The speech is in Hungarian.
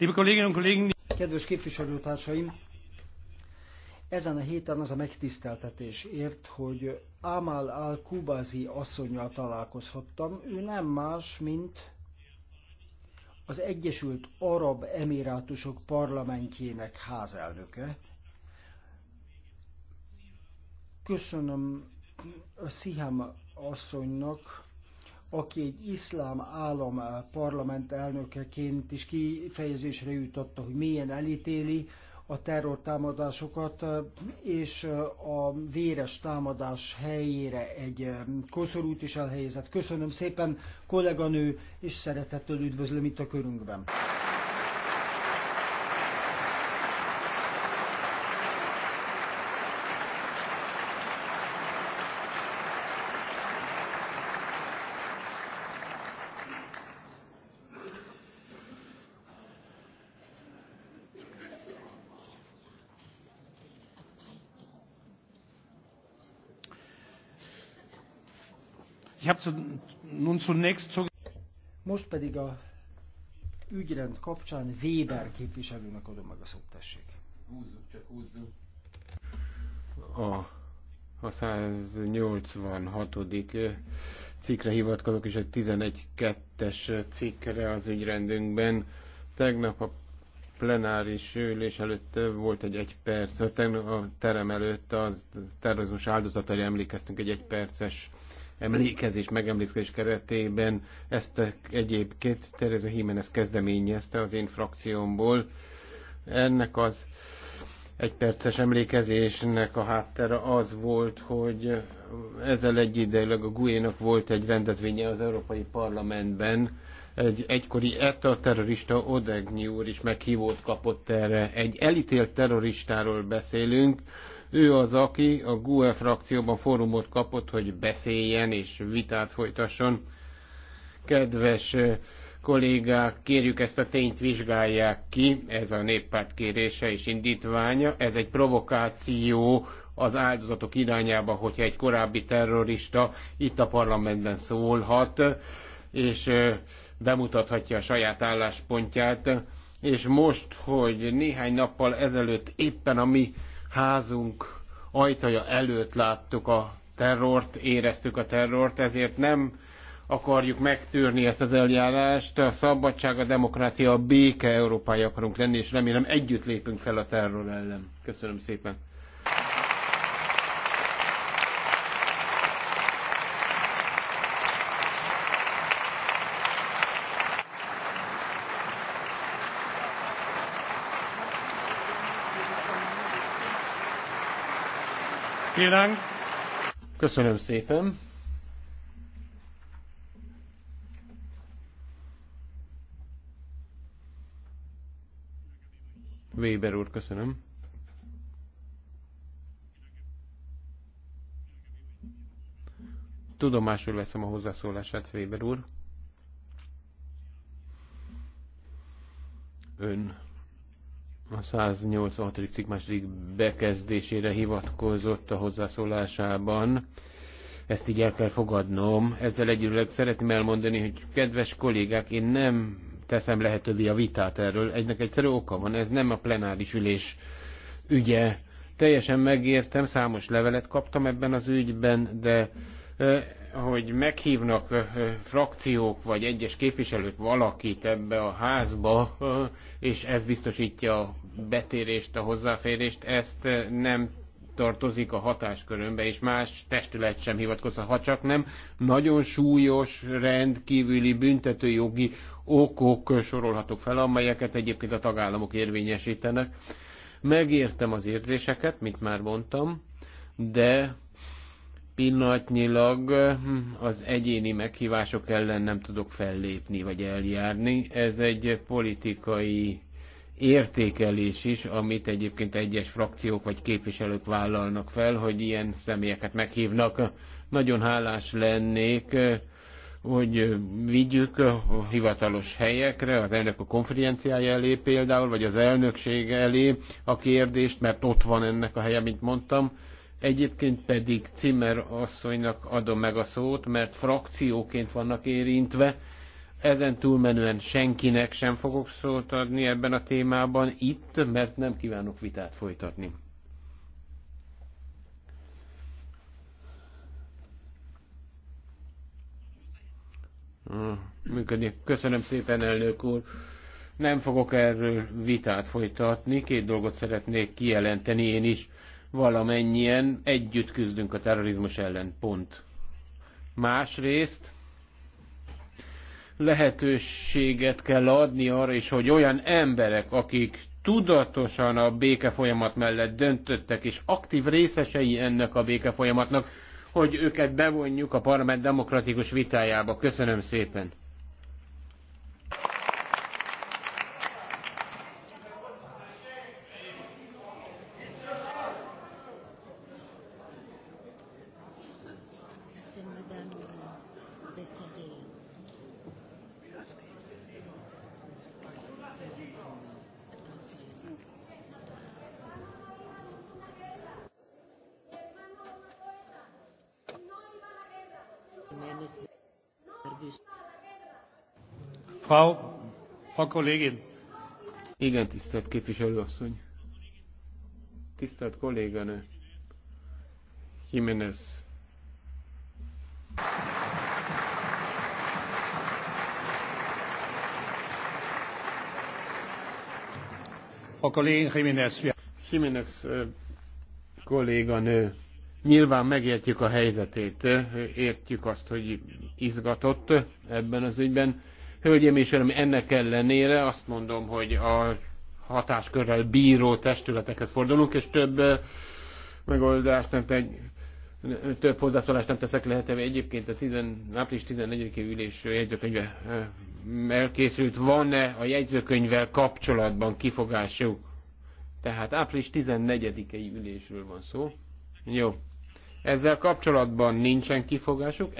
Liebe Kolleginnen und Kollegen, Kedves képviselőtársaim, ezen a héten az a megtiszteltetés ért, hogy Amal al-Kubazi asszonyjal találkozhattam. Ő nem más, mint az Egyesült Arab Emirátusok parlamentjének házelnöke. Köszönöm a Szihám asszonynak, aki egy iszlám állam eh, parlament elnökeként is kifejezésre jutotta, hogy milyen elítéli a terrortámadásokat, eh, és eh, a véres támadás helyére egy koszorút is elhelyezett. Köszönöm szépen, kolléganő, és szeretettel üdvözlöm itt a körünkben. Most pedig a ügyrend kapcsán Weber képviselőnek adom meg a szót, tessék. Húzzuk, csak húzzuk. A, a 186. cikkre hivatkozok, és egy 11.2-es cikkre az ügyrendünkben. Tegnap a plenáris ülés előtt volt egy egy perc, a terem előtt a terrorizmus áldozatai emlékeztünk egy egy perces emlékezés, megemlékezés keretében. Ezt egyébként Tereza Jiménez kezdeményezte az én frakciómból. Ennek az egyperces emlékezésnek a háttere az volt, hogy ezzel egyidejűleg a GUE-nak volt egy rendezvénye az Európai Parlamentben, egy egykori ETA terrorista Odegnyi úr is meghívót kapott erre. Egy elítélt terroristáról beszélünk, ő az, aki a GUE frakcióban fórumot kapott, hogy beszéljen és vitát folytasson. Kedves kollégák, kérjük ezt a tényt vizsgálják ki, ez a néppárt kérése és indítványa, ez egy provokáció az áldozatok irányába, hogyha egy korábbi terrorista itt a parlamentben szólhat, és bemutathatja a saját álláspontját, és most, hogy néhány nappal ezelőtt éppen a mi házunk ajtaja előtt láttuk a terrort, éreztük a terrort, ezért nem akarjuk megtűrni ezt az eljárást. A szabadság, a demokrácia, a béke Európája akarunk lenni, és remélem együtt lépünk fel a terror ellen. Köszönöm szépen. Köszönöm szépen. Weber úr, köszönöm. Tudomásul veszem a hozzászólását, Weber úr. Ön a 186. cikk második bekezdésére hivatkozott a hozzászólásában. Ezt így el kell fogadnom. Ezzel együleg szeretném elmondani, hogy kedves kollégák, én nem teszem lehetővé a vitát erről. Egynek egyszerű oka van, ez nem a plenáris ülés ügye. Teljesen megértem, számos levelet kaptam ebben az ügyben, de hogy meghívnak frakciók vagy egyes képviselők valakit ebbe a házba, és ez biztosítja a betérést, a hozzáférést, ezt nem tartozik a hatáskörömbe, és más testület sem hivatkozhat, ha csak nem nagyon súlyos, rendkívüli büntetőjogi okok sorolhatók fel, amelyeket egyébként a tagállamok érvényesítenek. Megértem az érzéseket, mint már mondtam, de Pillanatnyilag hm, az egyéni meghívások ellen nem tudok fellépni vagy eljárni. Ez egy politikai értékelés is, amit egyébként egyes frakciók vagy képviselők vállalnak fel, hogy ilyen személyeket meghívnak. Nagyon hálás lennék, hogy vigyük a hivatalos helyekre, az elnök a konferenciája elé például, vagy az elnökség elé a kérdést, mert ott van ennek a helye, mint mondtam, Egyébként pedig Cimmer asszonynak adom meg a szót, mert frakcióként vannak érintve. Ezen túlmenően senkinek sem fogok szót adni ebben a témában itt, mert nem kívánok vitát folytatni. Hmm, működik. Köszönöm szépen, elnök úr. Nem fogok erről vitát folytatni. Két dolgot szeretnék kijelenteni én is valamennyien együtt küzdünk a terrorizmus ellen, pont. Másrészt lehetőséget kell adni arra is, hogy olyan emberek, akik tudatosan a béke folyamat mellett döntöttek, és aktív részesei ennek a béke folyamatnak, hogy őket bevonjuk a parlament demokratikus vitájába. Köszönöm szépen! Frau, Frau Igen, tisztelt képviselő asszony, Tisztelt kolléganő. Jiménez. Frau Kollegin Jiménez. Jiménez kolléganő. Nyilván megértjük a helyzetét, értjük azt, hogy izgatott ebben az ügyben. Hölgyem és Uram, ennek ellenére azt mondom, hogy a hatáskörrel bíró testületekhez fordulunk, és több eh, megoldást nem tegy, több hozzászólást nem teszek lehetővé. Egyébként a 10, április 14-i ülés jegyzőkönyve eh, elkészült. Van-e a jegyzőkönyvvel kapcsolatban kifogásuk? Tehát április 14-i ülésről van szó. Jó. Ezzel kapcsolatban nincsen kifogásuk,